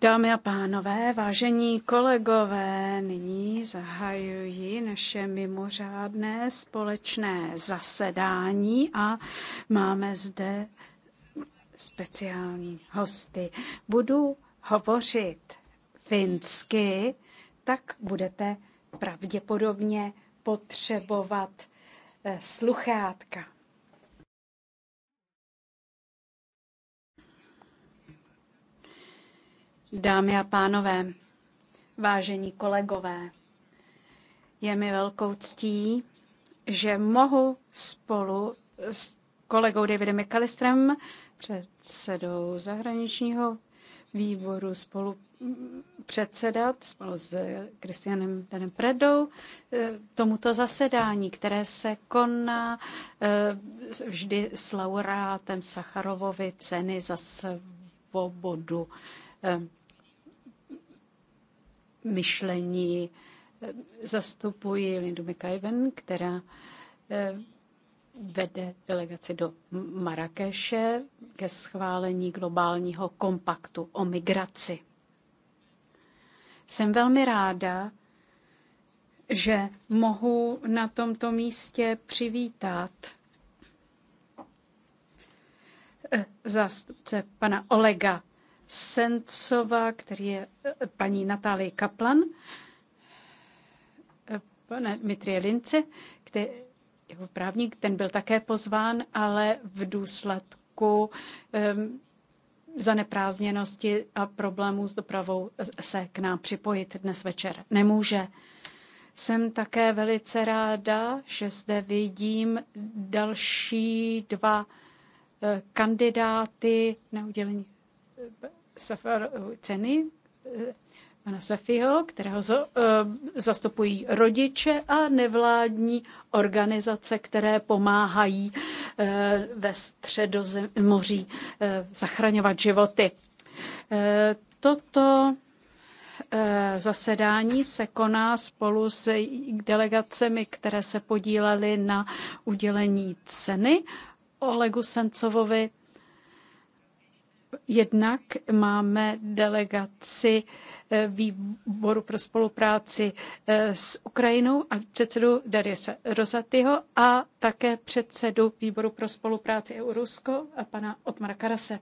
Dámy a pánové, vážení kolegové, nyní zahajuji naše mimořádné společné zasedání a máme zde speciální hosty. Budu hovořit finsky, tak budete pravděpodobně potřebovat eh, sluchátka. Dámy a pánové, vážení kolegové, je mi velkou ctí, že mohu spolu s kolegou Davidem Kalistrem, předsedou zahraničního výboru, spolu předsedat spolu s Kristianem Danem Predou eh, tomuto zasedání, které se koná eh, vždy s laureátem Sacharovovi ceny za svobodu. Eh, myšlení. Eh, zastupuji Lindu McIven, která eh, vede delegaci do Marrakeše ke schválení globálního kompaktu o migraci. Jsem velmi ráda, že mohu na tomto místě přivítat eh, zástupce pana Olega Sencová, který je eh, paní Natálie Kaplan, eh, pane Dmitrie Lince, který je právník, ten byl také pozván, ale v důsledku um, ehm, zaneprázdněnosti a problémů s dopravou eh, se k nám připojit dnes večer nemůže. Jsem také velice ráda, že zde vidím další dva kandidáty na udělení Safar Ceny, eh, pana Safiho, kterého eh, zastupují rodiče a nevládní organizace, které pomáhají eh, ve středozemoří zachraňovat životy. Toto zasedání se koná spolu s delegacemi, které se podílely na udělení ceny Olegu Sencovovi Jednak máme delegaci eh, výboru pro spolupráci eh, s Ukrajinou a předsedu Dariusa Rozatyho a také předsedu výboru pro spolupráci EU-Rusko a pana Otmara Karase.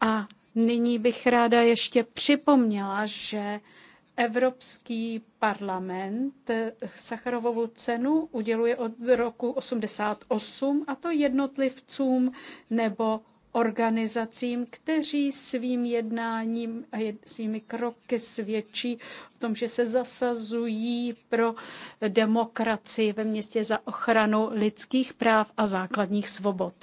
A nyní bych ráda ještě připomněla, že Evropský parlament Sacharovovu cenu uděluje od roku 88 a to jednotlivcům nebo organizacím, kteří svým jednáním a svými kroky svědčí o tom, že se zasazují pro demokracii ve městě za ochranu lidských práv a základních svobod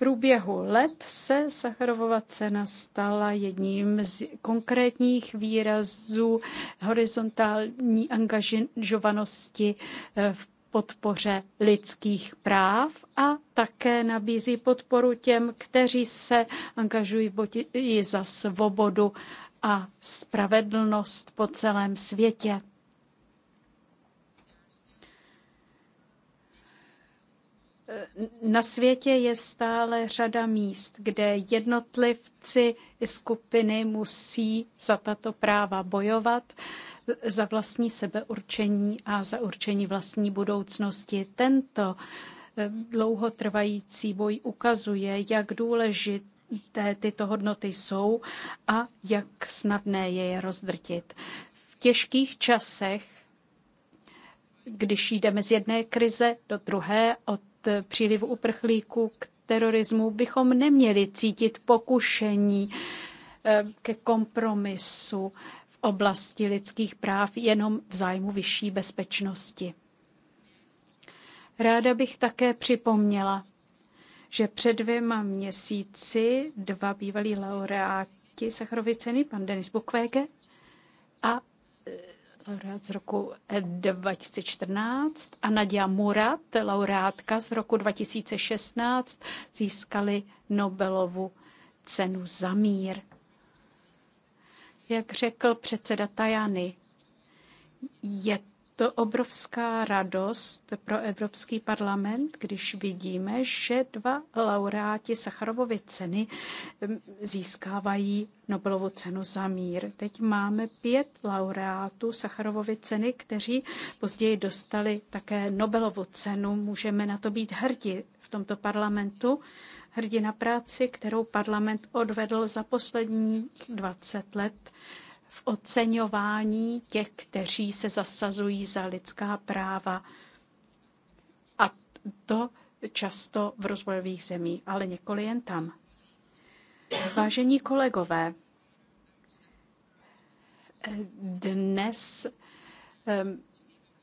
průběhu let se Sacharovova cena stala jedním z konkrétních výrazů horizontální angažovanosti eh, v podpoře lidských práv a také nabízí podporu těm, kteří se angažují v boji za svobodu a spravedlnost po celém světě. Eh, na světě je stále řada míst, kde jednotlivci i skupiny musí za tato práva bojovat, eh, za vlastní sebeurčení a za určení vlastní budoucnosti. Tento eh, dlouhotrvající boj ukazuje, jak důležité tyto hodnoty jsou a jak snadné je je rozdrtit. V těžkých časech, když jdeme z jedné krize do druhé, od Eh, přílivu uprchlíků k terorismu, bychom neměli cítit pokušení eh, ke kompromisu v oblasti lidských práv jenom v zájmu vyšší bezpečnosti. Ráda bych také připomněla, že před dvěma měsíci dva bývalí laureáti Sacharovy ceny, pan Denis Bukwege a eh, laureát z roku 2014 eh, a Nadia Murat, laureátka z roku 2016, získali Nobelovu cenu za mír. Jak řekl předseda Tajany, je to obrovská radost pro Evropský parlament, když vidíme, že dva laureáti Sacharovovy ceny ehm, získávají Nobelovu cenu za mír. Teď máme pět laureátů Sacharovovy ceny, kteří později dostali také Nobelovu cenu. Můžeme na to být hrdi v tomto parlamentu na práci, kterou parlament odvedl za posledních 20 let v oceňování těch, kteří se zasazují za lidská práva. A to často v rozvojových zemích, ale nikoli jen tam. Vážení kolegové, dnes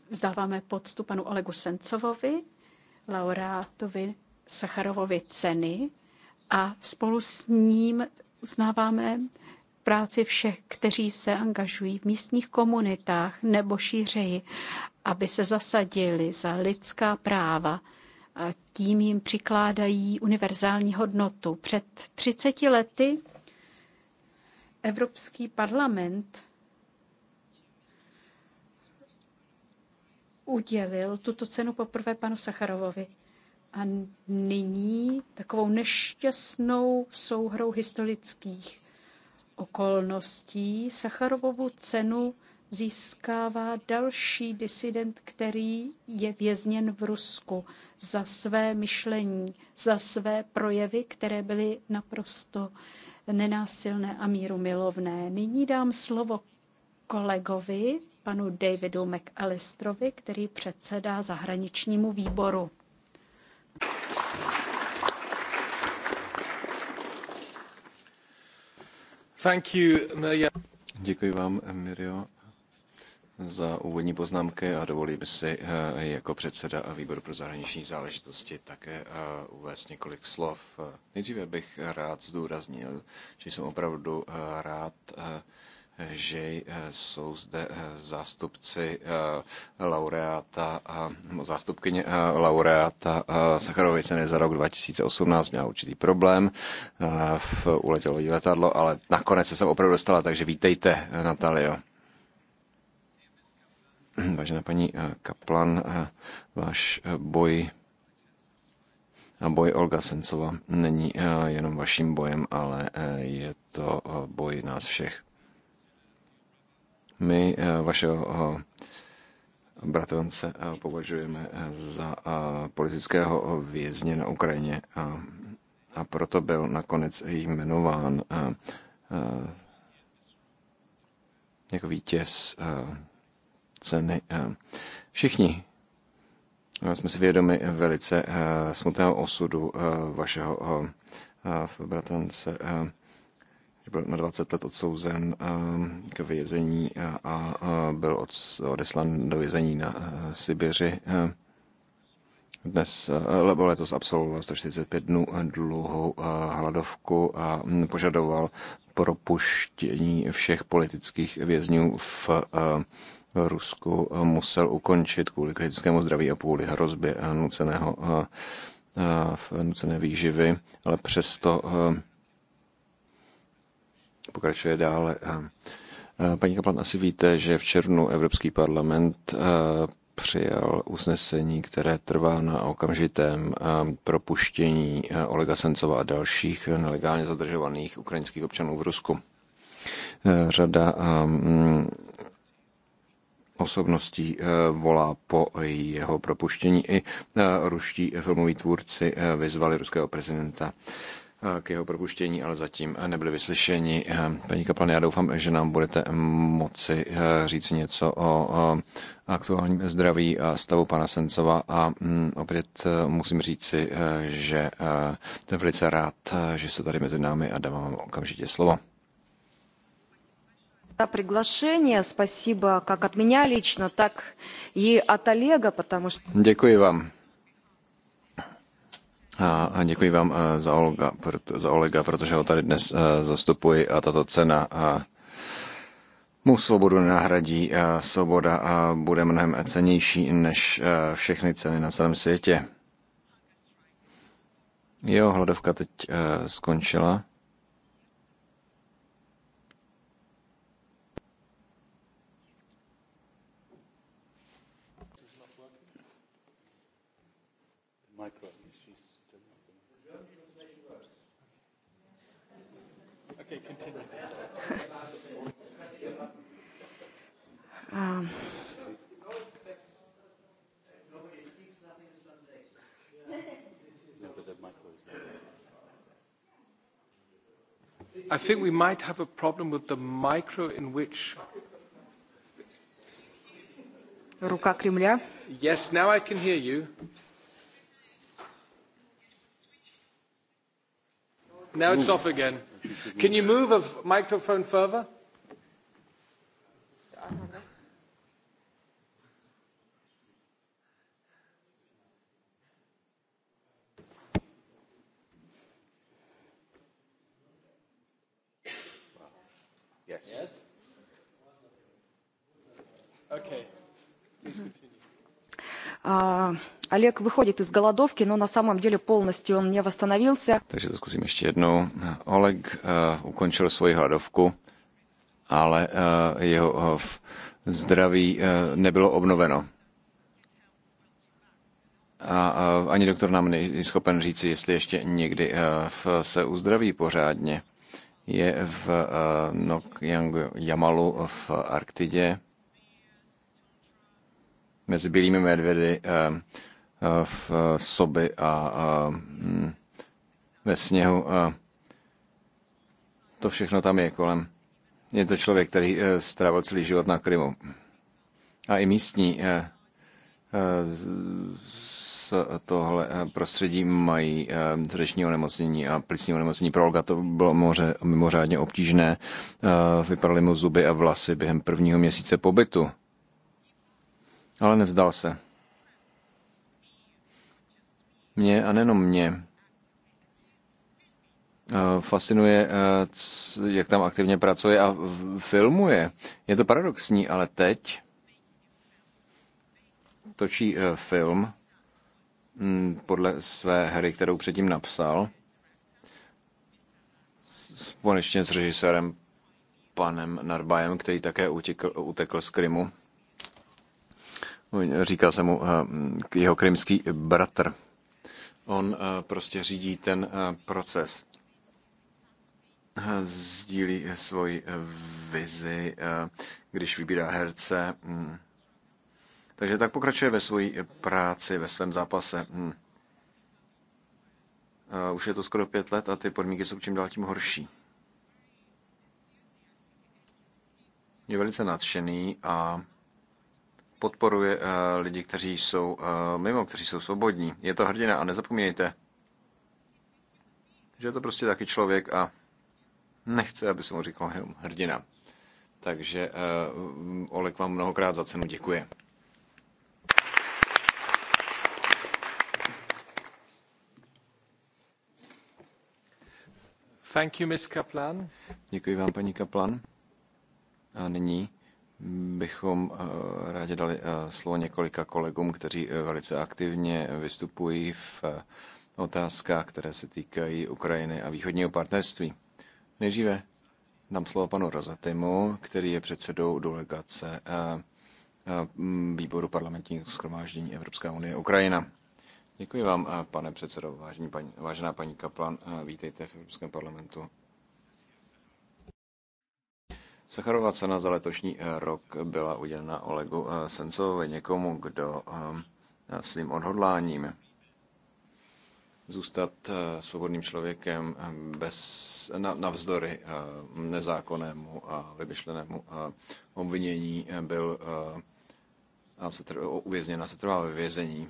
vzdáváme poctu panu Olegu Sencovovi, laureátovi Sacharovovi ceny a spolu s ním uznáváme práci všech, kteří se angažují v místních komunitách nebo šířeji, aby se zasadili za lidská práva. A tím jim přikládají univerzální hodnotu. Před 30 lety Evropský parlament udělil tuto cenu poprvé panu Sacharovovi. A nyní takovou nešťastnou souhrou historických okolností Sacharovovu cenu získává další disident, který je vězněn v Rusku za své myšlení, za své projevy, které byly naprosto nenásilné a míru milovné. Nyní dám slovo kolegovi, panu Davidu McAllistrovi, který předsedá zahraničnímu výboru. Děkuji vám, Mirjo, za úvodní poznámky a dovolím si eh, jako předseda výboru pro zahraniční záležitosti také eh, uvést několik slov. Eh, nejdříve bych rád zdůraznil, že jsem opravdu rád, že eh, jsou zde eh, zástupci eh, laureáta, zástupkyně laureáta Sacharovy ceny za rok 2018 měla určitý problém, v, uletělo jí letadlo, ale nakonec se jsem opravdu dostala, takže vítejte, Natalio. Vážená paní Kaplan, váš boj a boj Olga Sencova není jenom vaším bojem, ale je to boj nás všech. My eh, vašeho eh, bratrance eh, považujeme za politického vězně na Ukrajině a, a proto byl nakonec jmenován jako vítěz ceny. Všichni no, jsme si vědomi velice smutného osudu vašeho bratrance byl na 20 let odsouzen ehm, k vězení a byl Odeslan do vězení na eh, Sibiři. Ehm. Dnes, eh, lebo letos absolvoval 145 dnů eh, dlouhou hladovku a hm, požadoval propuštění všech politických vězňů v Rusku. Musel ukončit kvůli kritickému zdraví a kvůli hrozbě nuceného v nucené výživy, ale přesto pokračuje dále. Eh, eh, paní Kaplan, asi víte, že v červnu Evropský parlament eh, přijal usnesení, které trvá na okamžitém propuštění Olega Sencova a dalších nelegálně zadržovaných ukrajinských občanů v Rusku. Řada mm, osobností volá po jeho propuštění. I ruští filmoví tvůrci vyzvali ruského prezidenta Eh, k jeho propuštění, ale zatím eh, nebyli vyslyšeni. Eh, paní Kaplan, já doufám, že nám budete moci říct něco o aktuálním zdraví a stavu pana Sencova a mm, opět musím říci, že jsem velice rád, že jste tady mezi námi a dávám vám okamžitě slovo. За приглашение, спасибо как от меня лично, так и от Олега, потому что... Děkuji vám. A děkuji vám eh, za, Olga, za Olega, protože ho tady dnes eh, zastupuji a tato cena eh, mu svobodu nenahradí. Svoboda bude mnohem cenější než všechny ceny na celém světě. Jo, hladovka teď skončila. I think we might have a problem with the micro in which. Ruka Kremlia. Yes, now I can hear you. Now it's off again. Can you move a microphone further? Yes. Yes. Okay. Please continue. Олег vychodí z голодовки, но на самом деле полностью он не восстановился. Takže to zkusím ještě jednou. Oleg uh, ukončil svoji hladovku, ale uh, jeho uh, zdraví uh, nebylo obnoveno. A uh, ani doktor nám není schopen říci, jestli ještě někdy uh, se uzdraví pořádně je v eh, Nokyang Jamalu v Arktidě mezi bílými medvědy eh, eh, v soby a hm, ve sněhu. To všechno tam je kolem. Je to člověk, který strávil celý život na Krymu. A i místní tohle eh, prostředí mají srdeční eh, onemocnění a plicní onemocnění. Pro Olga to bylo moře, mimořádně obtížné. Eh, vypadaly mu zuby a vlasy během prvního měsíce pobytu. Ale nevzdal se. Mě a nejenom mě fascinuje, jak tam aktivně pracuje a filmuje. Je to paradoxní, ale teď točí film Mm, podle své hry, kterou předtím napsal, společně s režisérem panem Narbajem, který také utekl, utekl z Krymu. Říká se mu eh, jeho krymský bratr. On eh, prostě řídí ten eh, proces. Sdílí svoji vizi, když vybírá herce, mm, takže tak pokračuje ve své práci, ve svém zápase. Hm. Už je to skoro pět let a ty podmínky jsou čím dál tím horší. Je velice nadšený a podporuje eh, lidi, kteří jsou eh, mimo, kteří jsou svobodní. Je to hrdina a nezapomínejte, že je to prostě taky člověk a nechce, aby se mu říkal hrdina. Takže uh, Olek vám mnohokrát za cenu děkuje. Děkuji vám, paní Kaplan. A nyní bychom eh, rádi dali eh, slovo několika kolegům, kteří eh, velice aktivně vystupují v otázkách, které se týkají Ukrajiny a východního partnerství. Nejdříve dám slovo panu Rozatimu, který je předsedou delegace výboru parlamentního shromáždění Evropská unie Ukrajina. Děkuji vám, eh, pane předsedo. Vážení paní, vážená paní Kaplan, eh, vítejte v Evropském parlamentu. Sacharova cena za letošní eh, rok byla udělena Olegu Sencovi, někomu, kdo svým odhodláním zůstat svobodným člověkem bez, navzdory nezákonnému a vymyšlenému obvinění byl a se, uvězněn a setrval ve vězení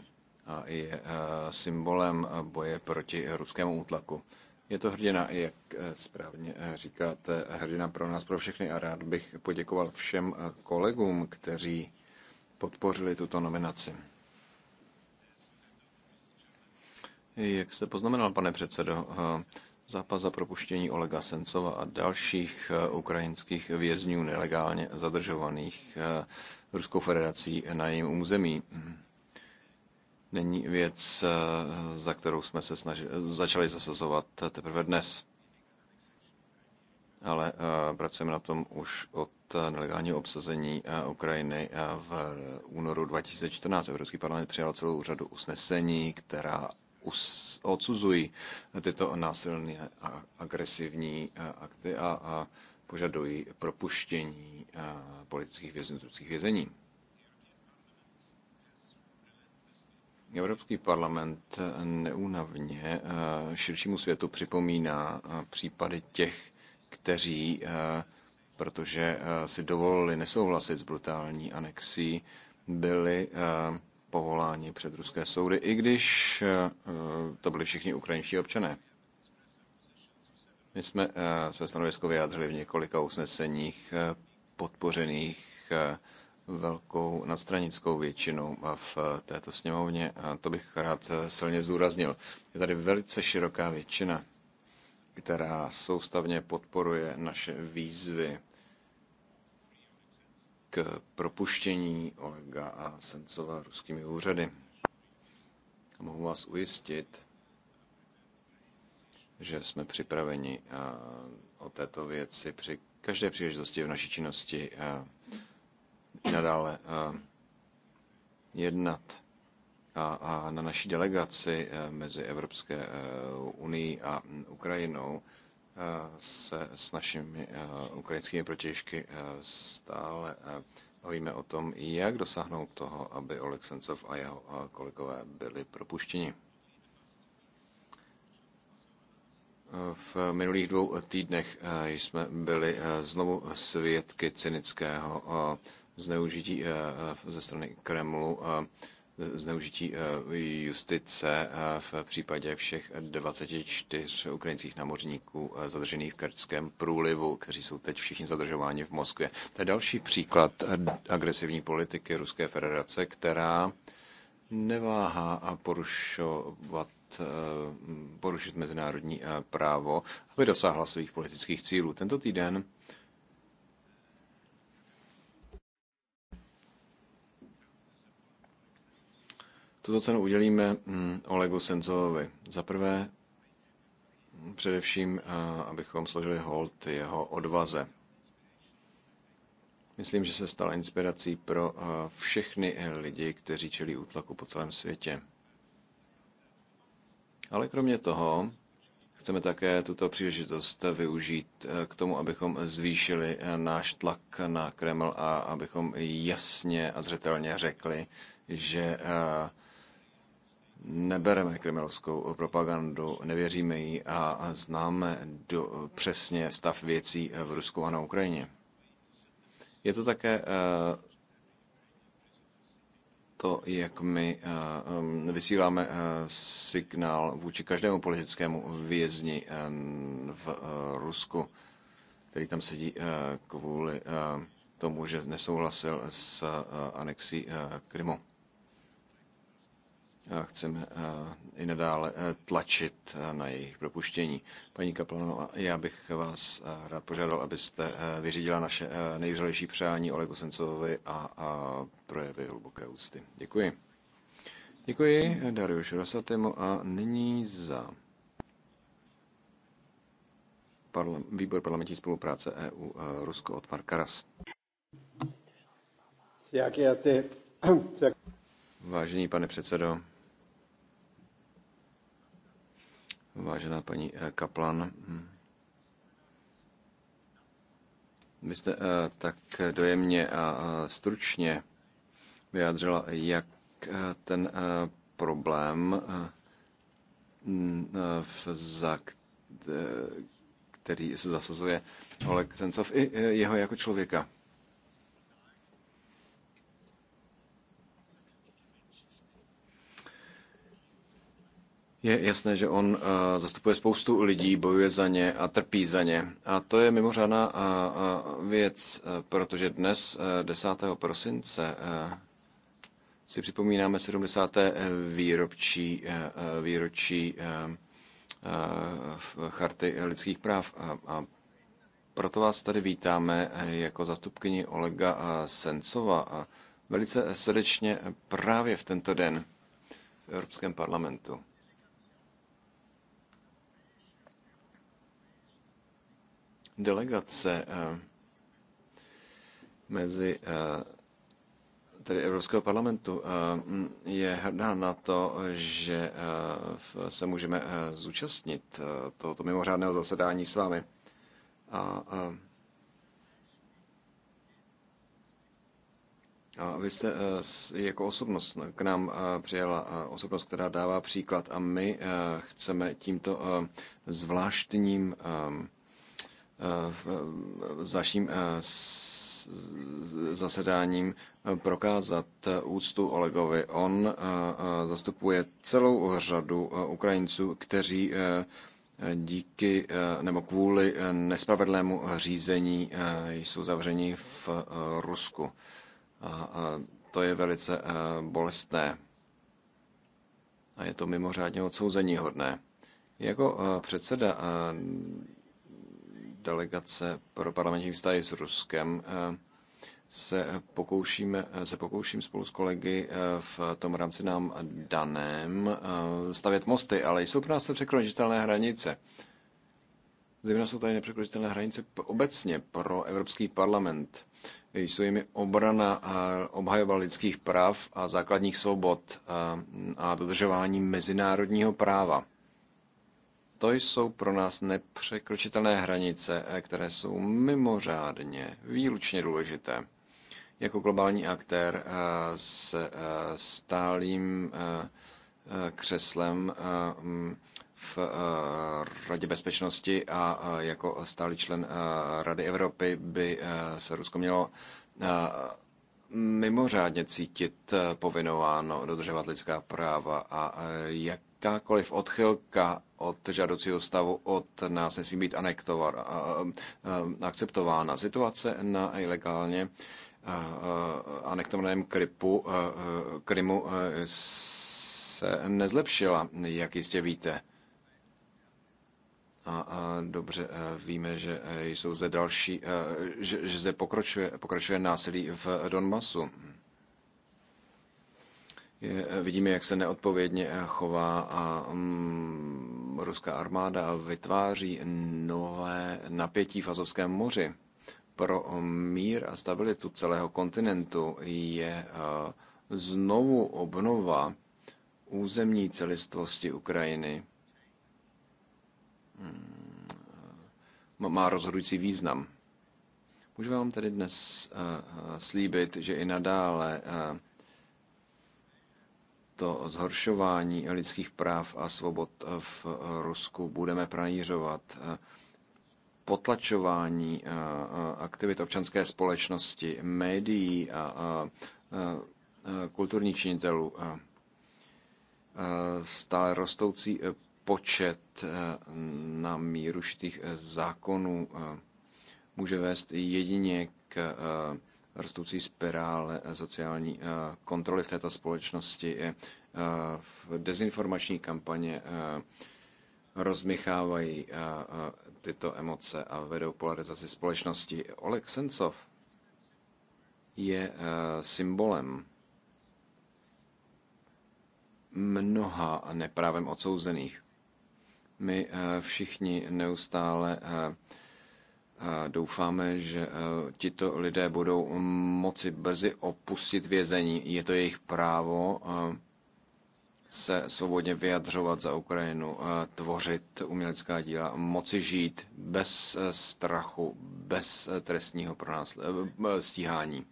je eh, symbolem eh, boje proti ruskému útlaku. Je to hrdina, jak eh, správně říkáte, hrdina pro nás, pro všechny a rád bych poděkoval všem kolegům, kteří podpořili tuto nominaci. Jak se poznamenal, pane předsedo, zápas za propuštění Olega Sencova a dalších ukrajinských vězňů nelegálně zadržovaných Ruskou federací na jejím území není věc, eh, za kterou jsme se snažili, začali zasazovat teprve dnes. Ale eh, pracujeme na tom už od eh, nelegálního obsazení Ukrajiny v únoru 2014. Evropský parlament přijal celou řadu usnesení, která odsuzují tyto násilné a agresivní akty a, a požadují propuštění politických vězňů, vězení. Evropský parlament neúnavně eh, širšímu světu připomíná eh, případy těch, kteří, eh, protože si dovolili nesouhlasit s brutální anexí, byli povoláni před ruské soudy, i když to byli všichni ukrajinští občané. My jsme své stanovisko vyjádřili v několika usneseních podpořených velkou nadstranickou většinu v eh, této sněmovně a to bych rád eh, silně zúraznil. Je tady velice široká většina, která soustavně podporuje naše výzvy k propuštění Olega a Sencova ruskými úřady. A mohu vás ujistit, že jsme připraveni eh, o této věci při každé příležitosti v naší činnosti i nadále eh, jednat a, a na naší delegaci eh, mezi Evropské eh, unii a mm, Ukrajinou se s našimi ukrajinskými protěžky stále hovíme o tom, jak dosáhnout toho, aby Oleksencov a jeho kolegové byli propuštěni. V minulých dvou týdnech jsme byli znovu svědky cynického zneužití eh, eh, ze strany Kremlu, eh, zneužití justice v případě všech 24 ukrajinských námořníků zadržených v Kerčském průlivu, kteří jsou teď všichni zadržováni v Moskvě. To je další příklad agresivní politiky Ruské federace, která neváhá a porušovat porušit mezinárodní právo, aby dosáhla svých politických cílů. Tento týden Tuto cenu udělíme mm, Olegu Senzovovi. Za prvé, především, eh, abychom složili hold jeho odvaze. Myslím, že se stal inspirací pro eh, všechny lidi, kteří čelí útlaku po celém světě. Ale kromě toho chceme také tuto příležitost využít eh, k tomu, abychom zvýšili náš tlak na Kreml a abychom jasně a zřetelně řekli, že Nebereme kremelovskou propagandu, nevěříme jí a známe do, přesně stav věcí v Rusku a na Ukrajině. Je to také eh, to, jak my eh, vysíláme eh, signál vůči každému politickému vězni v Rusku, který tam sedí kvůli tomu, že nesouhlasil s anexí Krymu chceme i nadále tlačit na jejich propuštění. Paní Kaplanová, já bych vás rád požádal, abyste vyřídila naše nejvřelejší přání Olegu Sencovovi a, projevy hluboké úcty. Děkuji. Děkuji Darius Rosatému a nyní za výbor parlamentní spolupráce EU Rusko od Marka Ras. Vážený pane předsedo, Vážená paní eh, Kaplan, hm. vy jste eh, tak dojemně a stručně vyjádřila, jak eh, ten problém, který se zasazuje Oleg Sencov i jeho jako člověka. Je jasné, že on eh, zastupuje spoustu lidí, bojuje za ně a trpí za ně. A to je mimořádná eh, eh, věc, protože dnes, 10. prosince, si připomínáme 70. výročí, výročí Charty lidských práv. A proto vás tady vítáme jako zastupkyni Olega Sencova a velice srdečně právě v tento den v Evropském parlamentu. delegace eh, mezi eh, tedy Evropského parlamentu eh, je hrdá na to, že se můžeme zúčastnit tohoto mimořádného zasedání s vámi. A, a vy jste jako osobnost k nám přijela osobnost, která dává příklad a my chceme tímto zvláštním zaším eh, eh, zasedáním eh, prokázat úctu Olegovi. On zastupuje celou řadu Ukrajinců, kteří díky nebo kvůli nespravedlému řízení jsou zavřeni v Rusku. A to je velice bolestné. A je to mimořádně odsouzení hodné. Jako předseda delegace pro parlamentní vztahy s Ruskem eh, se, pokoušíme, eh, se pokouším spolu s kolegy eh, v tom rámci nám daném stavět mosty, ale jsou pro nás překročitelné hranice. Zejména jsou tady nepřekročitelné hranice obecně pro Evropský parlament. Jsou jimi obrana a obhajoba lidských práv a základních svobod a dodržování mezinárodního práva. To jsou pro nás nepřekročitelné hranice, eh, které jsou mimořádně výlučně důležité. Jako globální aktér eh, s eh, stálým křeslem mm, v Radě bezpečnosti a jako stálý člen Rady Evropy by se Rusko mělo mimořádně cítit povinováno dodržovat lidská práva a jak jakákoliv odchylka od žádoucího stavu od nás nesmí být anektována, akceptována. Situace na ilegálně anektovaném Krypu, Krymu se nezlepšila, jak jistě víte. A, a dobře víme, že e, jsou zde další, e, že, že zde pokračuje, pokračuje násilí v Donbasu je, eh, vidíme, jak se neodpovědně eh, chová a mm, ruská armáda vytváří nové napětí v Azovském moři. Pro eh, mír a stabilitu celého kontinentu je znovu obnova územní celistvosti Ukrajiny hmm, má rozhodující význam. Můžu vám tedy dnes slíbit, že i nadále to zhoršování lidských práv a svobod v Rusku budeme pranířovat potlačování eh, eh, aktivit občanské společnosti, médií a kulturní činitelů, stále rostoucí eh, počet na míru šitých zákonů může vést jedině k rostoucí spirále sociální eh, kontroly v této společnosti, eh, v dezinformační kampaně eh, rozmychávají tyto emoce a vedou polarizaci společnosti. Oleg Sencov je symbolem mnoha neprávem odsouzených. My všichni neustále Doufáme, že eh, tito lidé budou moci brzy opustit vězení. Je to jejich právo eh, se svobodně vyjadřovat za Ukrajinu, eh, tvořit umělecká díla, moci žít bez strachu, bez trestního stíhání.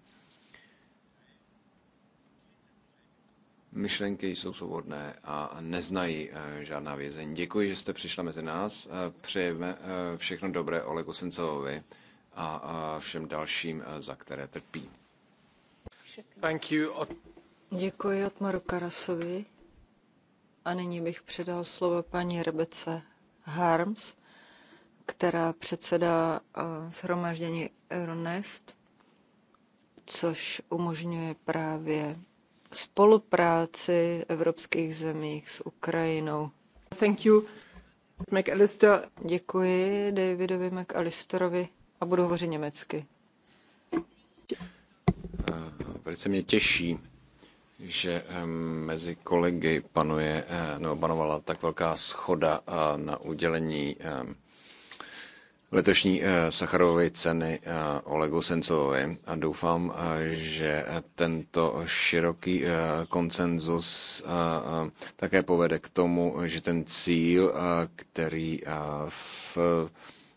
myšlenky jsou svobodné a neznají eh, žádná vězení. Děkuji, že jste přišla mezi nás. Eh, přejeme eh, všechno dobré Olegu Sencovovi a všem dalším, za které trpí. Thank you. Děkuji Otmaru Karasovi. A nyní bych předal slovo paní Rebece Harms, která předsedá shromáždění Euronest, což umožňuje právě spolupráci evropských zemí s Ukrajinou. Thank you. McAllister. Děkuji Davidovi McAllisterovi a budu hovořit německy. Eh, velice mě těší, že mezi kolegy panuje, eh, nebo panovala tak velká schoda eh, na udělení letošní eh, Sacharovy ceny eh, Olegu Sencovovi a doufám, eh, že tento široký konsenzus také povede k tomu, že ten cíl, který v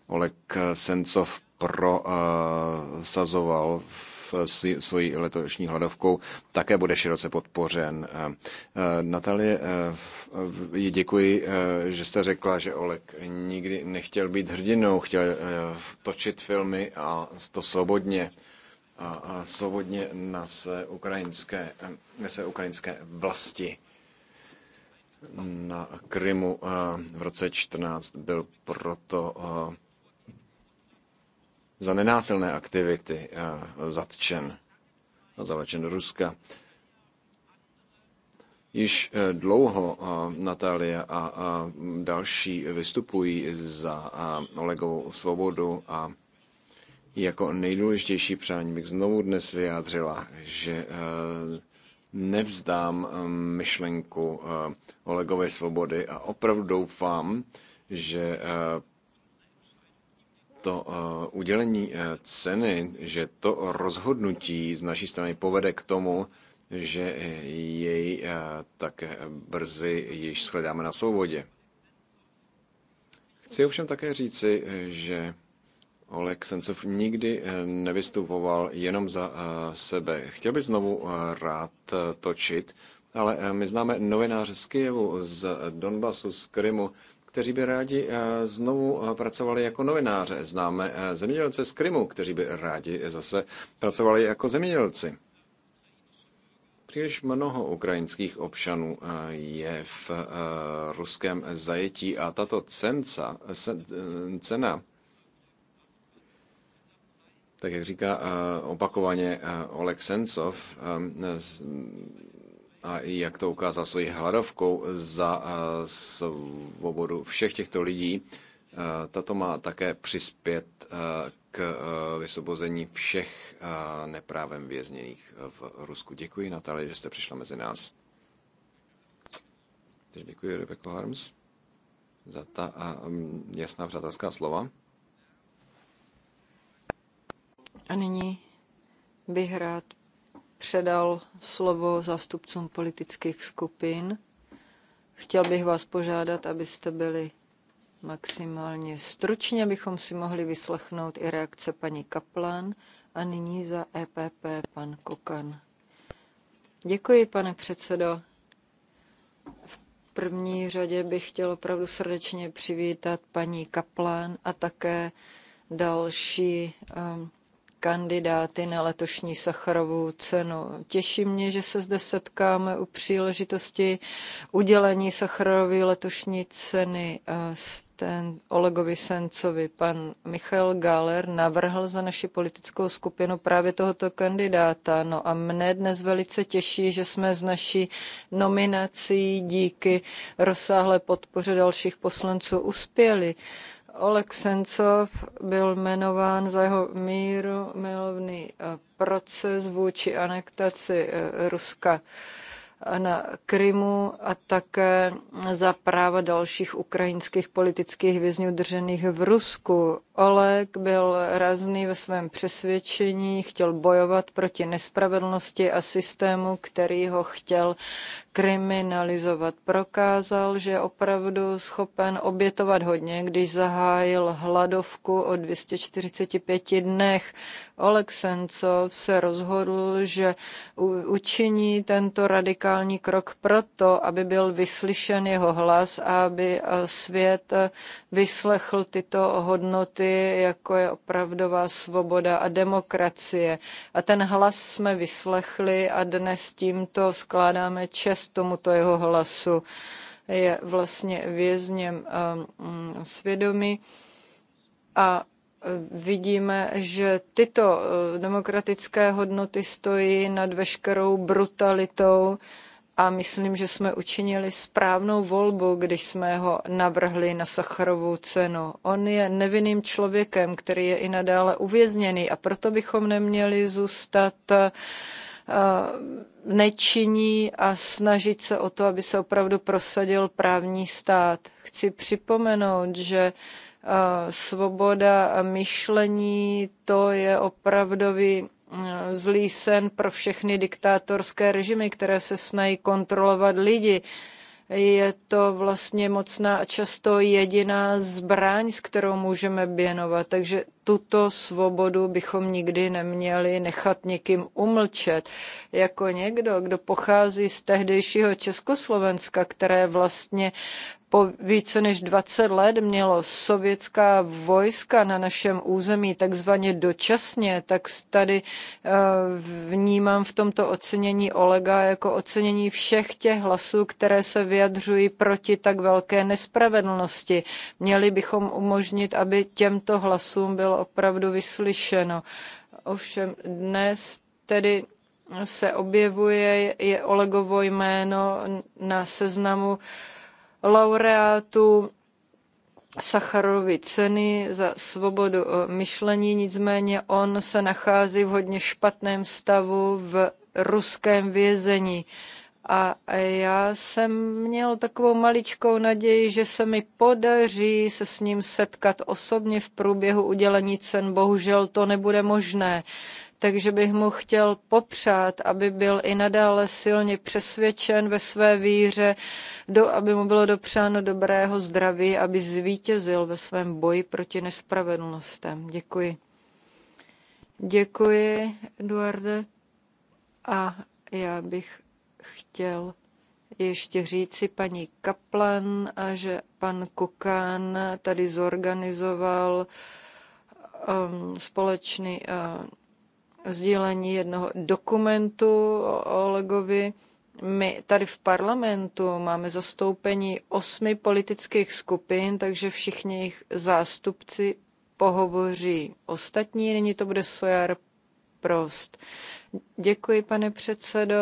Oleg Sencov prosazoval v svojí letošní hladovkou také bude široce podpořen. Eh, eh, Natalie, eh, děkuji, že jste řekla, že Olek nikdy nechtěl být hrdinou, chtěl točit filmy a to svobodně a svobodně na své ukrajinské, na své ukrajinské vlasti na Krymu v roce 14 byl proto za nenásilné aktivity eh, zatčen a zavlečen do Ruska. Již eh, dlouho eh, Natália a další vystupují za Olegovou svobodu a jako nejdůležitější přání bych znovu dnes vyjádřila, že nevzdám myšlenku Olegové svobody a opravdu doufám, že to eh, udělení eh, ceny, že to rozhodnutí z naší strany povede k tomu, že eh, jej tak brzy již shledáme na svobodě. Chci ovšem také říci, že Oleg Sencov nikdy nevystupoval jenom za sebe. Chtěl by znovu rád točit, ale my známe novináře z Kyjevu, z Donbasu, z Krymu, kteří by rádi eh, znovu eh, pracovali jako novináře. Známe eh, zemědělce z Krymu, kteří by rádi zase pracovali jako zemědělci. Příliš mnoho ukrajinských občanů je v ruském zajetí a tato cenca, cena, tak jak říká opakovaně Oleg Sencov, a jak to ukázal svojí hladovkou za eh, svobodu všech těchto lidí, eh, tato má také přispět eh, k vysvobození všech neprávem vězněných v Rusku. Děkuji, Natalie, že jste přišla mezi nás. Takže děkuji, Rebecca Harms, za ta jasná přátelská slova. A nyní bych rád předal slovo zástupcům politických skupin. Chtěl bych vás požádat, abyste byli maximálně stručně, abychom si mohli vyslechnout i reakce paní Kaplan a nyní za EPP pan Kokan. Děkuji, pane předsedo. V první řadě bych chtěl opravdu srdečně přivítat paní Kaplan a také další um, kandidáty na letošní Sacharovou cenu. Těší mě, že se zde setkáme u příležitosti udělení Sacharovy letošní ceny ten Olegovi Sencovi. Pan Michal Galer navrhl za naši politickou skupinu právě tohoto kandidáta. No a mne dnes velice těší, že jsme z naší nominací díky rozsáhlé podpoře dalších poslanců uspěli. Oleg Sencov byl jmenován za jeho míru milovný eh, proces vůči anektaci eh, Ruska eh, na Krymu a také za práva dalších ukrajinských politických vězňů držených v Rusku. Oleg byl razný ve svém přesvědčení, chtěl bojovat proti nespravedlnosti a systému, který ho chtěl kriminalizovat. Prokázal, že je opravdu schopen obětovat hodně, když zahájil hladovku o 245 dnech. Oleksencov se rozhodl, že učiní tento radikální krok proto, aby byl vyslyšen jeho hlas a aby svět vyslechl tyto hodnoty, jako je opravdová svoboda a demokracie. A ten hlas jsme vyslechli a dnes tímto skládáme čest tomuto jeho hlasu. Je vlastně vězněm ehm, mm, svědomí a e, vidíme, že tyto e, demokratické hodnoty stojí nad veškerou brutalitou a myslím, že jsme učinili správnou volbu, když jsme ho navrhli na Sacharovou cenu. On je nevinným člověkem, který je i nadále uvězněný a proto bychom neměli zůstat uh, Eh, nečiní a snažit se o to, aby se opravdu prosadil právní stát. Chci připomenout, že eh, svoboda myšlení to je opravdový eh, zlý sen pro všechny diktátorské režimy, které se snaží kontrolovat lidi. Je to vlastně mocná a často jediná zbraň, s kterou můžeme běnovat. Takže tuto svobodu bychom nikdy neměli nechat někým umlčet. Jako někdo, kdo pochází z tehdejšího Československa, které vlastně po více než 20 let mělo sovětská vojska na našem území takzvaně dočasně, tak tady eh, vnímám v tomto ocenění Olega jako ocenění všech těch hlasů, které se vyjadřují proti tak velké nespravedlnosti. Měli bychom umožnit, aby těmto hlasům bylo opravdu vyslyšeno. Ovšem dnes tedy se objevuje je Olegovo jméno na seznamu uh, laureátů Sacharovy ceny za svobodu eh, myšlení, nicméně on se nachází v hodně špatném stavu v ruském vězení. A já jsem měl takovou maličkou naději, že se mi podaří se s ním setkat osobně v průběhu udělení cen. Bohužel to nebude možné takže bych mu chtěl popřát, aby byl i nadále silně přesvědčen ve své víře, do, aby mu bylo dopřáno dobrého zdraví, aby zvítězil ve svém boji proti nespravedlnostem. Děkuji. Děkuji, Eduarde. A já bych chtěl ještě říci paní Kaplan, a že pan Kukán tady zorganizoval um, společný uh, sdílení jednoho dokumentu Olegovi. My tady v parlamentu máme zastoupení osmi politických skupin, takže všichni jejich zástupci pohovoří ostatní. Nyní to bude Sojar Prost. Děkuji, pane předsedo,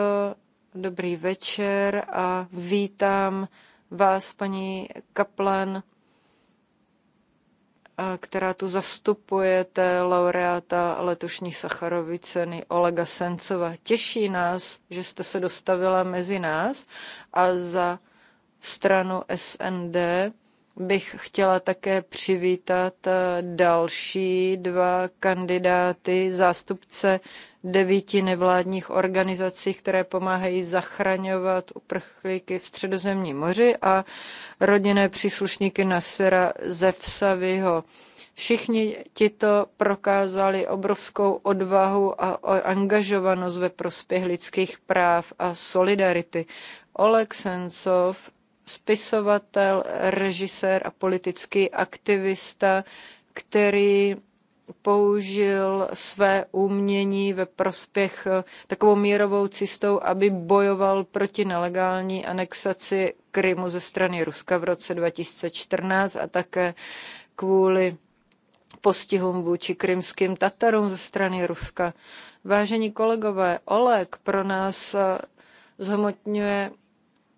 dobrý večer a vítám vás, paní Kaplan která tu zastupujete, laureáta letošní Sacharovy ceny Olega Sencova. Těší nás, že jste se dostavila mezi nás a za stranu SND bych chtěla také přivítat eh, další dva kandidáty, zástupce devíti nevládních organizací, které pomáhají zachraňovat uprchlíky v středozemním moři a rodinné příslušníky Nasera Zevsavyho. Všichni tito prokázali obrovskou odvahu a angažovanost ve prospěch lidských práv a solidarity. Oleg Sencov, spisovatel, režisér a politický aktivista, který použil své umění ve prospěch eh, takovou mírovou cestou, aby bojoval proti nelegální anexaci Krymu ze strany Ruska v roce 2014 a také kvůli postihům vůči krymským Tatarům ze strany Ruska. Vážení kolegové, Oleg pro nás eh, zhmotňuje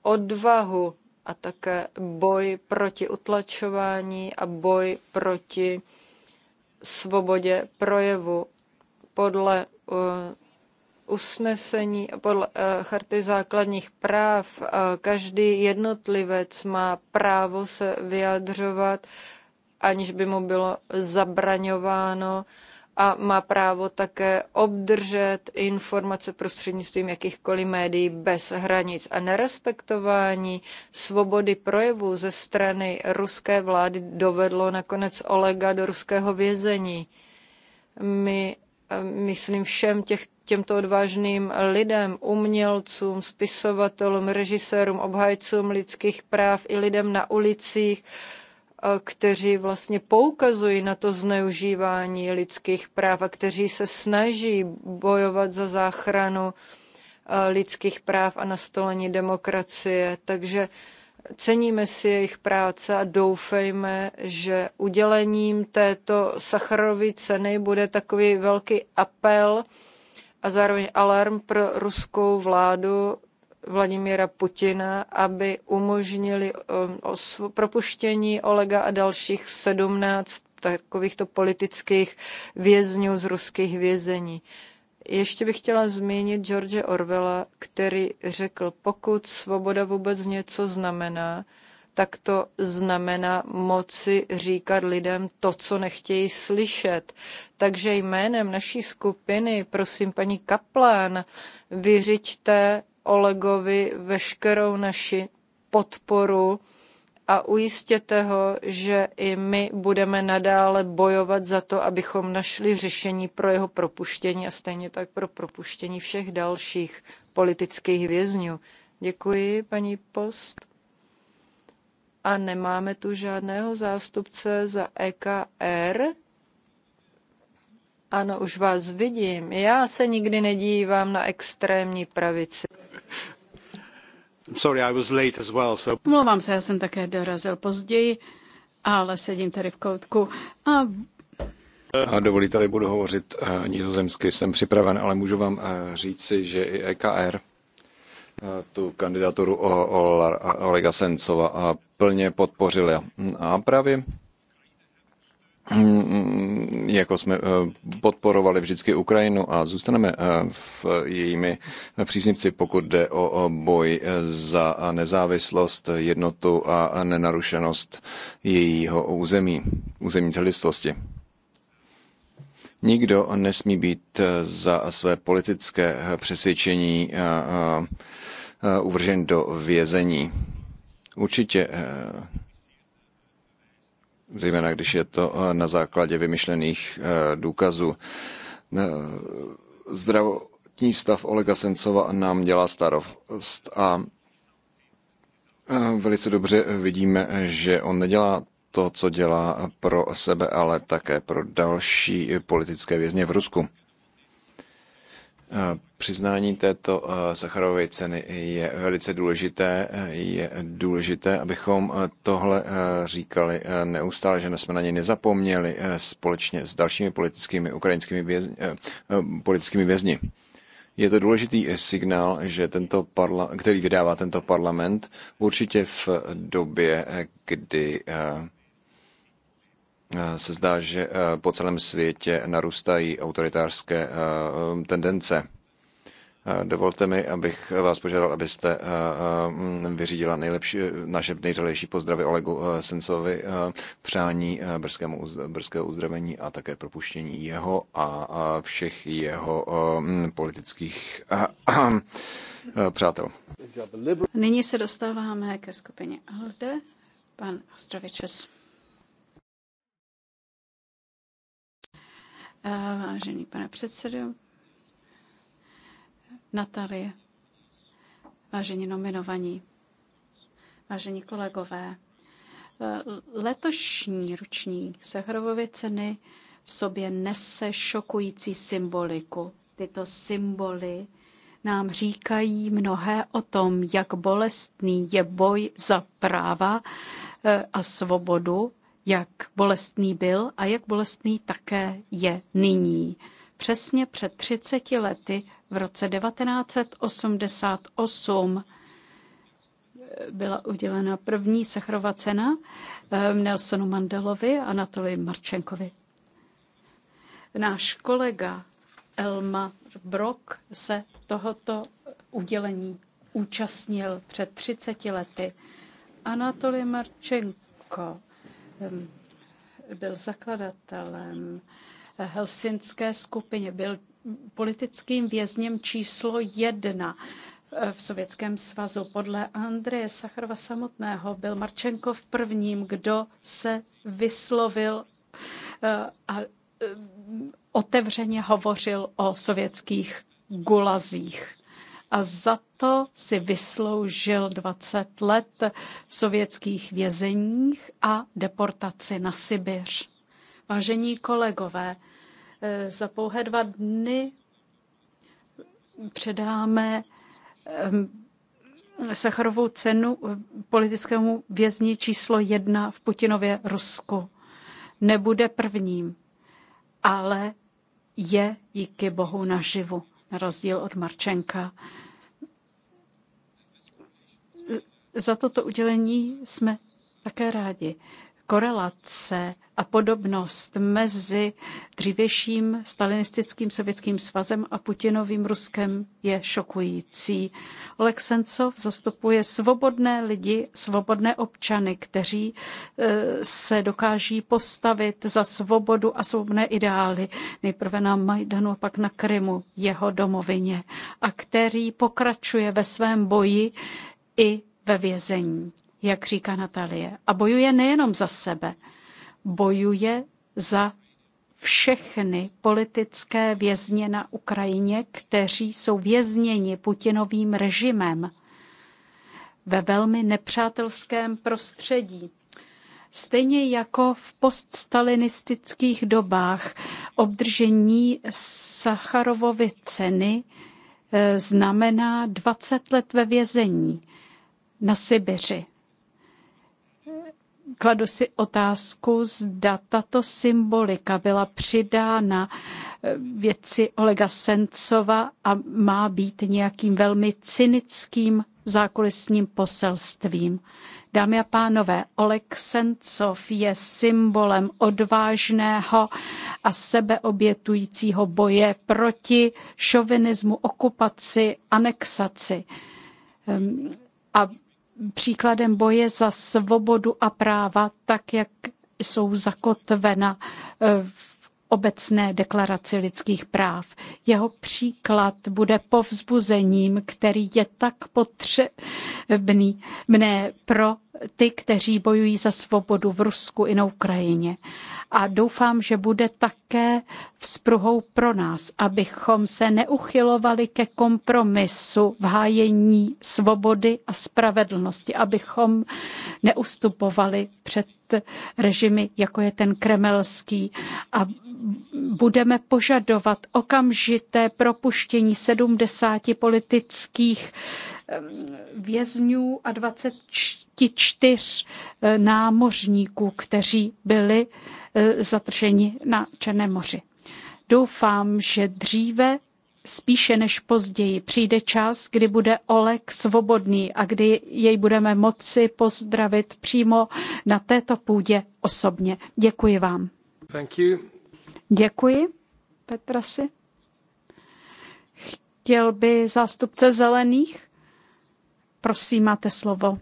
odvahu a také boj proti utlačování a boj proti svobodě projevu podle eh, usnesení podle eh, Charty základních práv každý jednotlivec má právo se vyjadřovat, aniž by mu bylo zabraňováno a má právo také obdržet informace prostřednictvím jakýchkoliv médií bez hranic. A nerespektování svobody projevu ze strany ruské vlády dovedlo nakonec Olega do ruského vězení. My, eh, myslím, všem těch, těmto odvážným lidem, umělcům, spisovatelům, režisérům, obhajcům lidských práv i lidem na ulicích, kteří vlastně poukazují na to zneužívání lidských práv a kteří se snaží bojovat za záchranu lidských práv a nastolení demokracie. Takže ceníme si jejich práce a doufejme, že udělením této Sacharovy ceny bude takový velký apel a zároveň alarm pro ruskou vládu, Vladimíra Putina, aby umožnili eh, propuštění Olega a dalších 17 takovýchto politických vězňů z ruských vězení. Ještě bych chtěla zmínit George Orwella, který řekl, pokud svoboda vůbec něco znamená, tak to znamená moci říkat lidem to, co nechtějí slyšet. Takže jménem naší skupiny, prosím paní Kaplán, vyřiďte Olegovi veškerou naši podporu a ujistěte ho, že i my budeme nadále bojovat za to, abychom našli řešení pro jeho propuštění a stejně tak pro propuštění všech dalších politických vězňů. Děkuji, paní Post. A nemáme tu žádného zástupce za EKR. Ano, už vás vidím. Já se nikdy nedívám na extrémní pravici. Sorry, I was late as well, so... Mluvám se, já jsem také dorazil později, ale sedím tady v koutku. A a dovolíte-li, budu hovořit eh, nizozemsky, jsem připraven, ale můžu vám eh, říci, že i EKR eh, tu kandidaturu o, o, Olega Sencova plně podpořila. A právě Mm, jako jsme eh, podporovali vždycky Ukrajinu a zůstaneme eh, v jejími příznivci, pokud jde o boj eh, za nezávislost, jednotu a nenarušenost jejího území, území celistosti. Nikdo nesmí být za své politické přesvědčení uvržen do vězení. Určitě zejména když je to eh, na základě vymyšlených eh, důkazů. Eh, zdravotní stav Olega Sencova nám dělá starost a velice dobře vidíme, že on nedělá to, co dělá pro sebe, ale také pro další politické vězně v Rusku. Eh, přiznání této eh, Sacharovy ceny je velice důležité. Eh, je důležité, abychom tohle říkali neustále, že jsme na něj nezapomněli společně s dalšími politickými ukrajinskými vězni, politickými vězni. Je to důležitý signál, že tento parla, který vydává tento parlament, určitě v době, kdy Eh, se zdá, že eh, po celém světě narůstají autoritářské eh, tendence. Dovolte mi, abych vás požádal, abyste vyřídila nejlepší, naše nejdelejší pozdravy Olegu Sencovi, přání brzkému, brzkého uzdravení a také propuštění jeho a všech jeho politických přátel. Nyní se dostáváme ke skupině ALDE, pan Ostrovičes. Eh, vážený pane předsedo, Natalie, vážení nominovaní, vážení kolegové, eh, letošní ruční Sacharovovy ceny v sobě nese šokující symboliku. Tyto symboly nám říkají mnohé o tom, jak bolestný je boj za práva eh, a svobodu jak bolestný byl a jak bolestný také je nyní. Přesně před 30 lety v roce 1988 byla udělena první Sachrova cena eh, Nelsonu Mandelovi a Anatolii Marčenkovi. Náš kolega Elma Brok se tohoto udělení účastnil před 30 lety. Anatoly Marčenko Ehm, byl zakladatelem helsinské skupině, byl politickým vězněm číslo jedna eh, v Sovětském svazu. Podle Andreje Sacharova samotného byl Marčenkov prvním, kdo se vyslovil eh, a eh, otevřeně hovořil o sovětských gulazích a za to si vysloužil 20 let v sovětských vězeních a deportaci na Sibiř. Vážení kolegové, eh, za pouhé dva dny předáme ehm, Sacharovou cenu eh, politickému vězni číslo jedna v Putinově Rusku. Nebude prvním, ale je díky Bohu naživu na rozdíl od Marčenka. Za toto udělení jsme také rádi korelace a podobnost mezi dřívějším stalinistickým sovětským svazem a Putinovým Ruskem je šokující. Oleg Sencov zastupuje svobodné lidi, svobodné občany, kteří e, se dokáží postavit za svobodu a svobodné ideály, nejprve na Majdanu a pak na Krymu, jeho domovině, a který pokračuje ve svém boji i ve vězení jak říká Natalie. A bojuje nejenom za sebe, bojuje za všechny politické vězně na Ukrajině, kteří jsou vězněni Putinovým režimem ve velmi nepřátelském prostředí. Stejně jako v poststalinistických dobách obdržení Sacharovovy ceny eh, znamená 20 let ve vězení na Sibiři kladu si otázku, zda tato symbolika byla přidána eh, věci Olega Sencova a má být nějakým velmi cynickým zákulisním poselstvím. Dámy a pánové, Oleg Sencov je symbolem odvážného a sebeobětujícího boje proti šovinismu, okupaci, anexaci. Ehm, a příkladem boje za svobodu a práva, tak jak jsou zakotvena eh, v obecné deklaraci lidských práv. Jeho příklad bude povzbuzením, který je tak potřebný mne pro ty, kteří bojují za svobodu v Rusku i na Ukrajině a doufám, že bude také vzpruhou pro nás, abychom se neuchylovali ke kompromisu v hájení svobody a spravedlnosti, abychom neustupovali před režimy, jako je ten kremelský a budeme požadovat okamžité propuštění 70 politických vězňů a 24 námořníků, kteří byli E, zatrženi na Černém moři. Doufám, že dříve spíše než později přijde čas, kdy bude Olek svobodný a kdy jej budeme moci pozdravit přímo na této půdě osobně. Děkuji vám. Thank you. Děkuji, Petrasi. Chtěl by zástupce zelených? Prosím, máte slovo.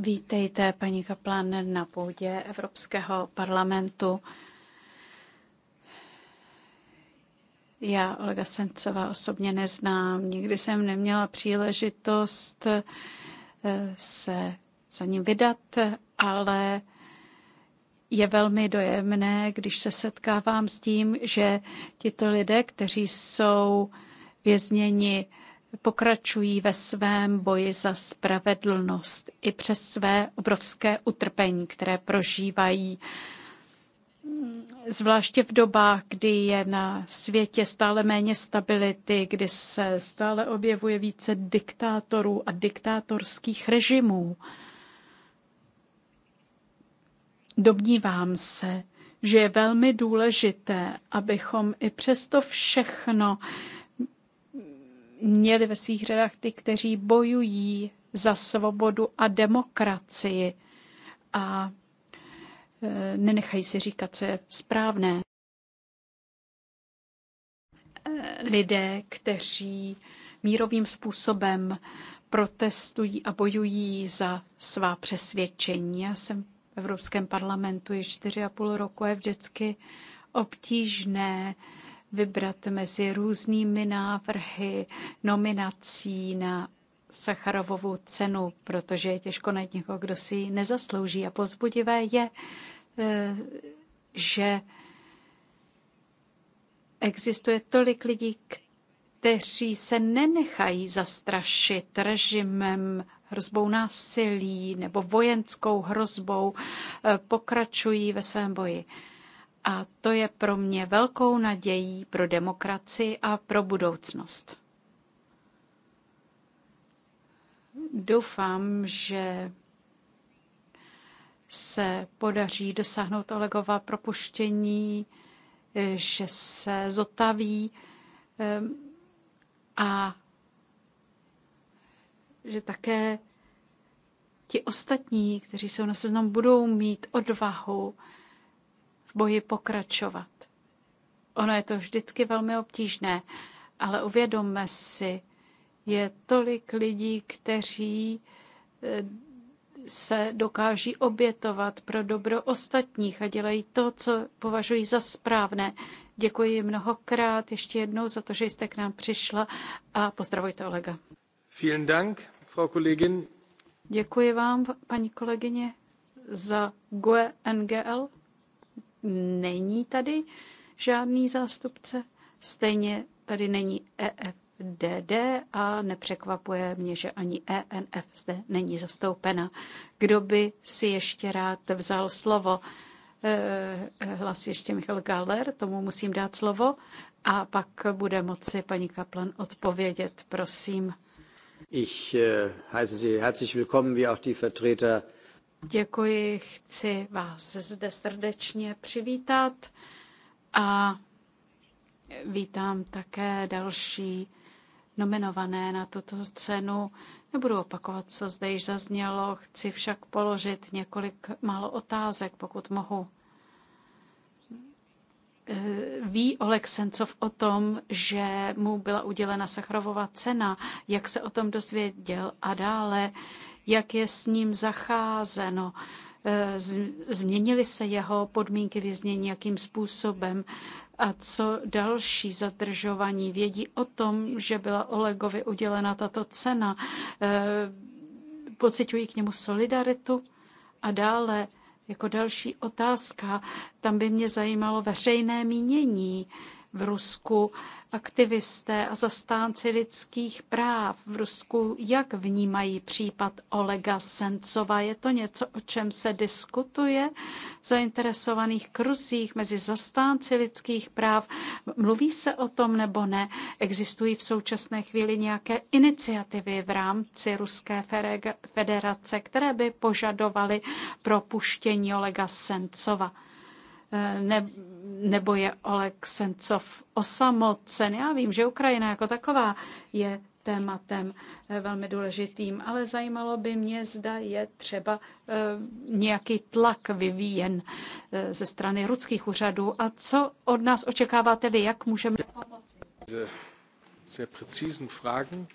Vítejte, paní Kaplan, na půdě Evropského parlamentu. Já Olga Sencová osobně neznám. Nikdy jsem neměla příležitost eh, se za ním vydat, ale je velmi dojemné, když se setkávám s tím, že tito lidé, kteří jsou vězněni pokračují ve svém boji za spravedlnost i přes své obrovské utrpení, které prožívají. Mm, zvláště v dobách, kdy je na světě stále méně stability, kdy se stále objevuje více diktátorů a diktátorských režimů. Domnívám se, že je velmi důležité, abychom i přesto všechno uh, měli ve svých řadách ty, kteří bojují za svobodu a demokracii a e, nenechají si říkat, co je správné. E, lidé, kteří mírovým způsobem protestují a bojují za svá přesvědčení. Já jsem v Evropském parlamentu je čtyři a půl roku a je vždycky obtížné vybrat mezi různými návrhy nominací na Sacharovovu cenu, protože je těžko najít někoho, kdo si ji nezaslouží. A pozbudivé je, eh, že existuje tolik lidí, kteří se nenechají zastrašit režimem, hrozbou násilí nebo vojenskou hrozbou, eh, pokračují ve svém boji. A to je pro mě velkou nadějí pro demokracii a pro budoucnost. Doufám, že se podaří dosáhnout Olegova propuštění, že se zotaví ehm, a že také ti ostatní, kteří jsou na seznamu, budou mít odvahu boji pokračovat. Ono je to vždycky velmi obtížné, ale uvědomme si, je tolik lidí, kteří eh, se dokáží obětovat pro dobro ostatních a dělají to, co považují za správné. Děkuji mnohokrát ještě jednou za to, že jste k nám přišla a pozdravujte Olega. Vielen Dank, Frau Kollegin. Děkuji vám, paní kolegyně, za GUE NGL. Není tady žádný zástupce, stejně tady není EFDD a nepřekvapuje mě, že ani ENF zde není zastoupena. Kdo by si ještě rád vzal slovo? Eh, hlas ještě Michal Galler, tomu musím dát slovo a pak bude moci paní Kaplan odpovědět, prosím. Ich eh, heiße Sie herzlich willkommen, wie auch die Vertreter Děkuji, chci vás zde srdečně přivítat a vítám také další nominované na tuto cenu. Nebudu opakovat, co zde již zaznělo, chci však položit několik málo otázek, pokud mohu. Ví Oleg Sencov o tom, že mu byla udělena Sacharovova cena, jak se o tom dozvěděl a dále, jak je s ním zacházeno. E, změnily se jeho podmínky věznění, jakým způsobem a co další zadržovaní vědí o tom, že byla Olegovi udělena tato cena. E, Pocitují k němu solidaritu a dále jako další otázka, tam by mě zajímalo veřejné mínění v Rusku aktivisté a zastánci lidských práv v Rusku, jak vnímají případ Olega Sencova? Je to něco, o čem se diskutuje v zainteresovaných kruzích mezi zastánci lidských práv? Mluví se o tom nebo ne? Existují v současné chvíli nějaké iniciativy v rámci Ruské federace, které by požadovaly propuštění Olega Sencova? Eh, ne, nebo je Oleg Sencov osamocen. Já vím, že Ukrajina jako taková je tématem eh, velmi důležitým, ale zajímalo by mě, zda je třeba eh, nějaký tlak vyvíjen ze strany ruských úřadů a co od nás očekáváte vy, jak můžeme pomoci? Sehr präzisen Fragen.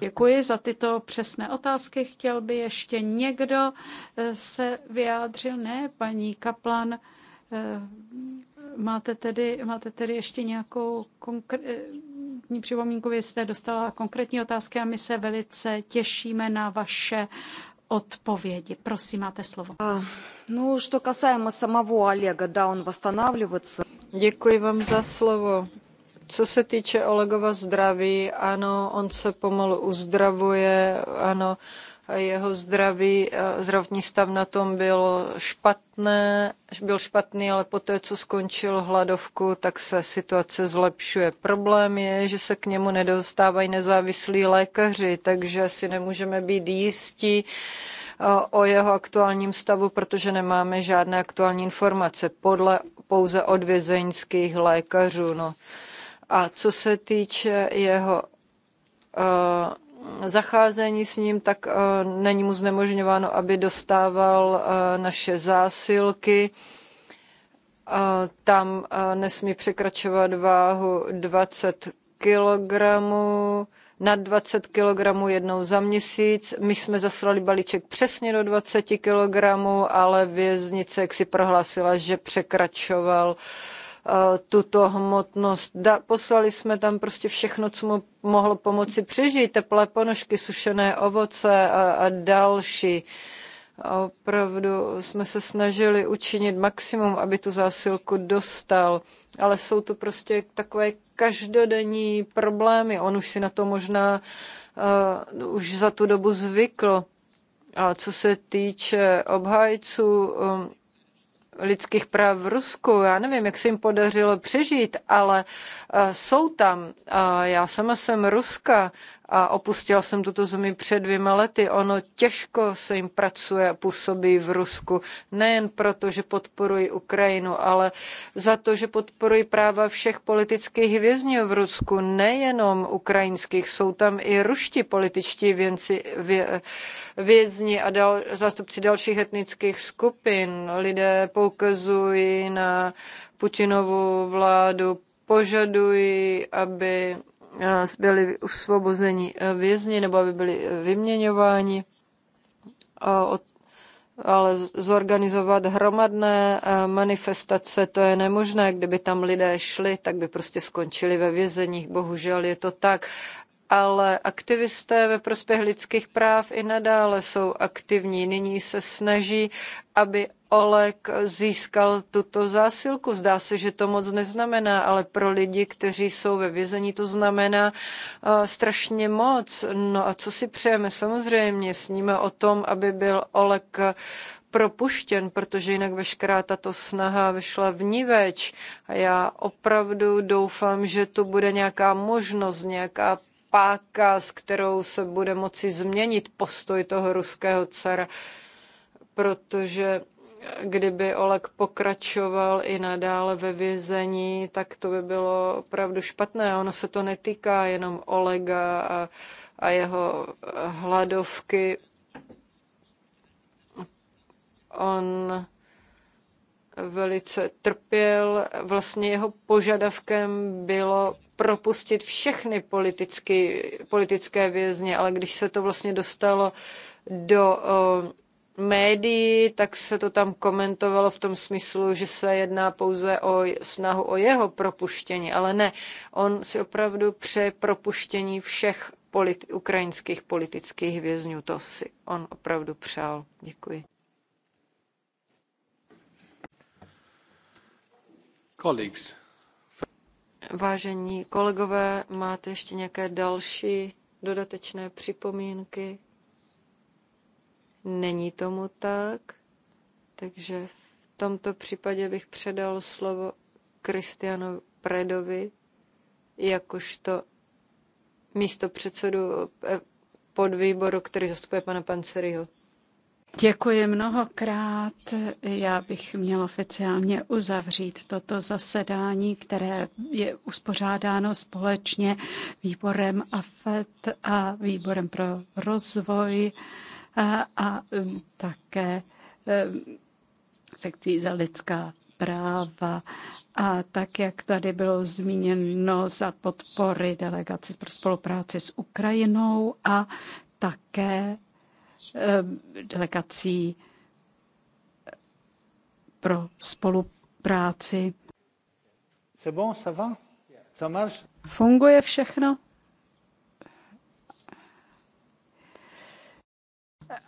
Děkuji za tyto přesné otázky. Chtěl by ještě někdo eh, se vyjádřil? Ne, paní Kaplan, eh, máte tedy, máte tedy ještě nějakou konkrétní eh, připomínku? Vy jste dostala konkrétní otázky a my se velice těšíme na vaše odpovědi. Prosím, máte slovo. No, co касаемо самого Олега, да, Děkuji vám za slovo. Co se týče Olegova zdraví, ano, on se pomalu uzdravuje, ano, jeho zdraví, eh, zdravotní stav na tom byl špatné, byl špatný, ale poté, co skončil hladovku, tak se situace zlepšuje. Problém je, že se k němu nedostávají nezávislí lékaři, takže si nemůžeme být jistí, eh, o jeho aktuálním stavu, protože nemáme žádné aktuální informace, podle pouze od vězeňských lékařů. No. A co se týče jeho eh, zacházení s ním, tak eh, není mu znemožňováno, aby dostával eh, naše zásilky. Tam nesmí překračovat váhu 20 kilogramů, nad 20 kilogramů jednou za měsíc. My jsme zaslali balíček přesně do 20 kilogramů, ale věznice jak si prohlásila, že překračoval uh, Eh, tuto hmotnost. Da, poslali jsme tam prostě všechno, co mu mohlo pomoci přežít, teplé ponožky, sušené ovoce a, a další. Opravdu jsme se snažili učinit maximum, aby tu zásilku dostal, ale jsou to prostě takové každodenní problémy. On už si na to možná uh, už za tu dobu zvykl. A co se týče obhájců um, lidských práv v Rusku. Já nevím, jak se jim podařilo přežít, ale eh, jsou tam. Já sama jsem Ruska a opustila jsem tuto zemi před dvěma lety. Ono těžko se jim pracuje a působí v Rusku. Nejen proto, že podporují Ukrajinu, ale za to, že podporují práva všech politických vězňů v Rusku, nejenom ukrajinských. Jsou tam i ruští političtí věnci, vě, vězni a dal, zástupci dalších etnických skupin. Lidé poukazují na Putinovu vládu, požadují, aby byli usvobozeni eh, vězni nebo aby byli eh, vyměňováni, ale zorganizovat hromadné eh, manifestace, to je nemožné. Kdyby tam lidé šli, tak by prostě skončili ve vězeních. Bohužel je to tak ale aktivisté ve prospěch lidských práv i nadále jsou aktivní. Nyní se snaží, aby Olek získal tuto zásilku. Zdá se, že to moc neznamená, ale pro lidi, kteří jsou ve vězení, to znamená uh, strašně moc. No a co si přejeme? Samozřejmě sníme o tom, aby byl Olek propuštěn, protože jinak veškerá tato snaha vyšla v več. A já opravdu doufám, že tu bude nějaká možnost, nějaká páka, s kterou se bude moci změnit postoj toho ruského dcera. protože kdyby Oleg pokračoval i nadále ve vězení, tak to by bylo opravdu špatné. Ono se to netýká jenom Olega a, a jeho eh, hladovky. On velice trpěl. Vlastně jeho požadavkem bylo propustit všechny politické vězně, ale když se to vlastně dostalo do eh, médií, tak se to tam komentovalo v tom smyslu, že se jedná pouze o snahu o jeho propuštění, ale ne, on si opravdu přeje propuštění všech politi- ukrajinských politických vězňů. To si on opravdu přál. Děkuji. Colleagues. Vážení kolegové, máte ještě nějaké další dodatečné připomínky? Není tomu tak, takže v tomto případě bych předal slovo Kristianu Predovi, jakožto místo předsedu eh, podvýboru, který zastupuje pana Panceriho. Děkuji mnohokrát. Já bych měla oficiálně uzavřít toto zasedání, které je uspořádáno společně výborem AFET a výborem pro rozvoj a um, také um, sekcí za lidská práva a tak, jak tady bylo zmíněno za podpory delegace pro spolupráci s Ukrajinou a také um, delegací uh, pro spolupráci. Funguje všechno?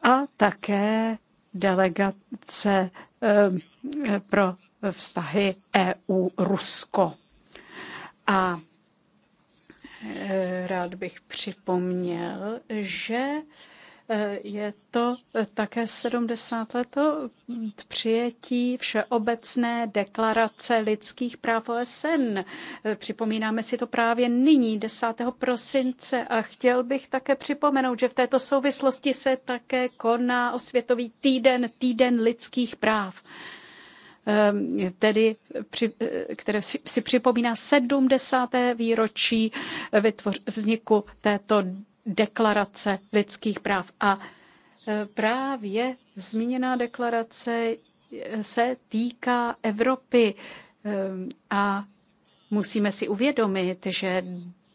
a také delegace eh, pro vztahy EU-Rusko. A eh, rád bych připomněl, že Eh, je to eh, také 70 let od přijetí Všeobecné deklarace lidských práv OSN. Eh, připomínáme si to právě nyní, 10. prosince, a chtěl bych také připomenout, že v této souvislosti se také koná Osvětový týden, týden lidských práv tedy které si připomíná 70. výročí vzniku této deklarace lidských práv. A e, právě zmíněná deklarace e, se týká Evropy e, a musíme si uvědomit, že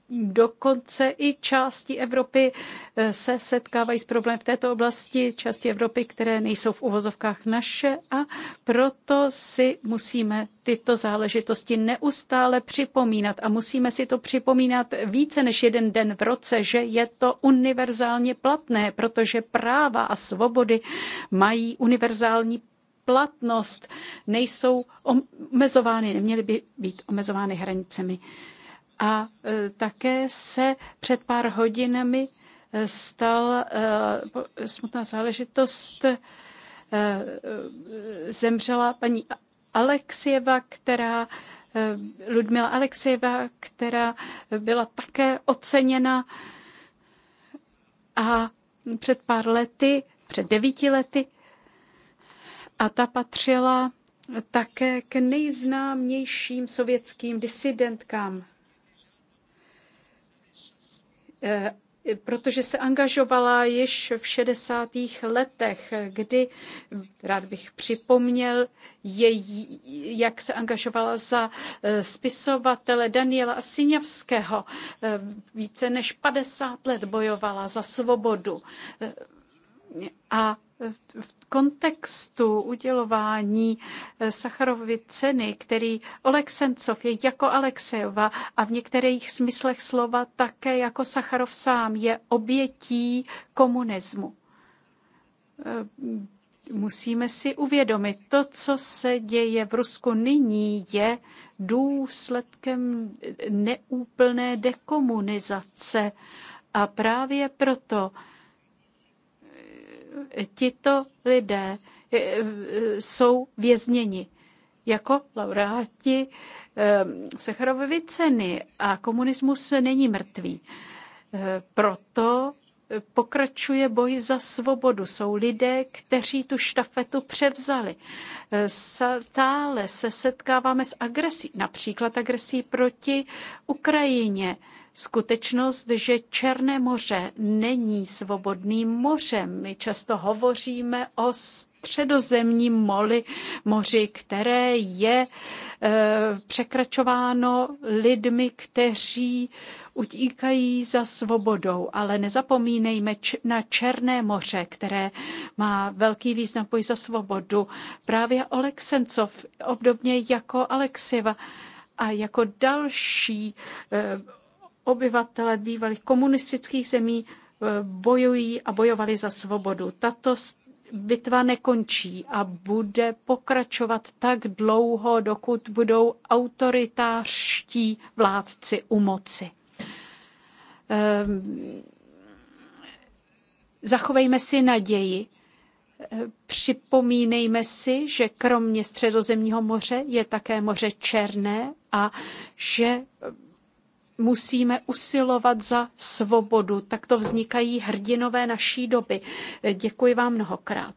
dokonce i části Evropy eh, se setkávají s problémy v této oblasti, části Evropy, které nejsou v uvozovkách naše a proto si musíme tyto záležitosti neustále připomínat a musíme si to připomínat více než jeden den v roce, že je to univerzálně platné, protože práva a svobody mají univerzální platnost, nejsou omezovány, neměly by být omezovány hranicemi a e, také se před pár hodinami e, stal e, smutná záležitost. Zemřela paní Alexieva, která Ludmila Alexieva, která byla také oceněna a před pár lety, před devíti lety, a ta patřila také k nejznámějším sovětským disidentkám. Eh, protože se angažovala již v 60. letech, kdy, rád bych připomněl, její, jak se angažovala za eh, spisovatele Daniela Asiňavského. Eh, více než 50 let bojovala za svobodu a v kontextu udělování eh, Sacharovy ceny, který Oleg Sencov je jako Alexejova a v některých smyslech slova také jako Sacharov sám je obětí komunismu. Eh, musíme si uvědomit, to, co se děje v Rusku nyní, je důsledkem neúplné dekomunizace. A právě proto tito lidé eh, jsou vězněni jako laureáti eh, Sacharovovy ceny a komunismus není mrtvý. Eh, proto pokračuje boj za svobodu. Jsou lidé, kteří tu štafetu převzali. Stále se setkáváme s agresí, například agresí proti Ukrajině skutečnost, že Černé moře není svobodným mořem. My často hovoříme o středozemním moli, moři, které je e, překračováno lidmi, kteří utíkají za svobodou. Ale nezapomínejme č- na Černé moře, které má velký význam boj za svobodu. Právě Oleg Sencov, obdobně jako Alexiva a jako další e, obyvatele bývalých komunistických zemí eh, bojují a bojovali za svobodu. Tato bitva nekončí a bude pokračovat tak dlouho, dokud budou autoritářští vládci u moci. Ehm, zachovejme si naději. Eh, připomínejme si, že kromě Středozemního moře je také moře Černé a že musíme usilovat za svobodu. Takto vznikají hrdinové naší doby. Děkuji vám mnohokrát.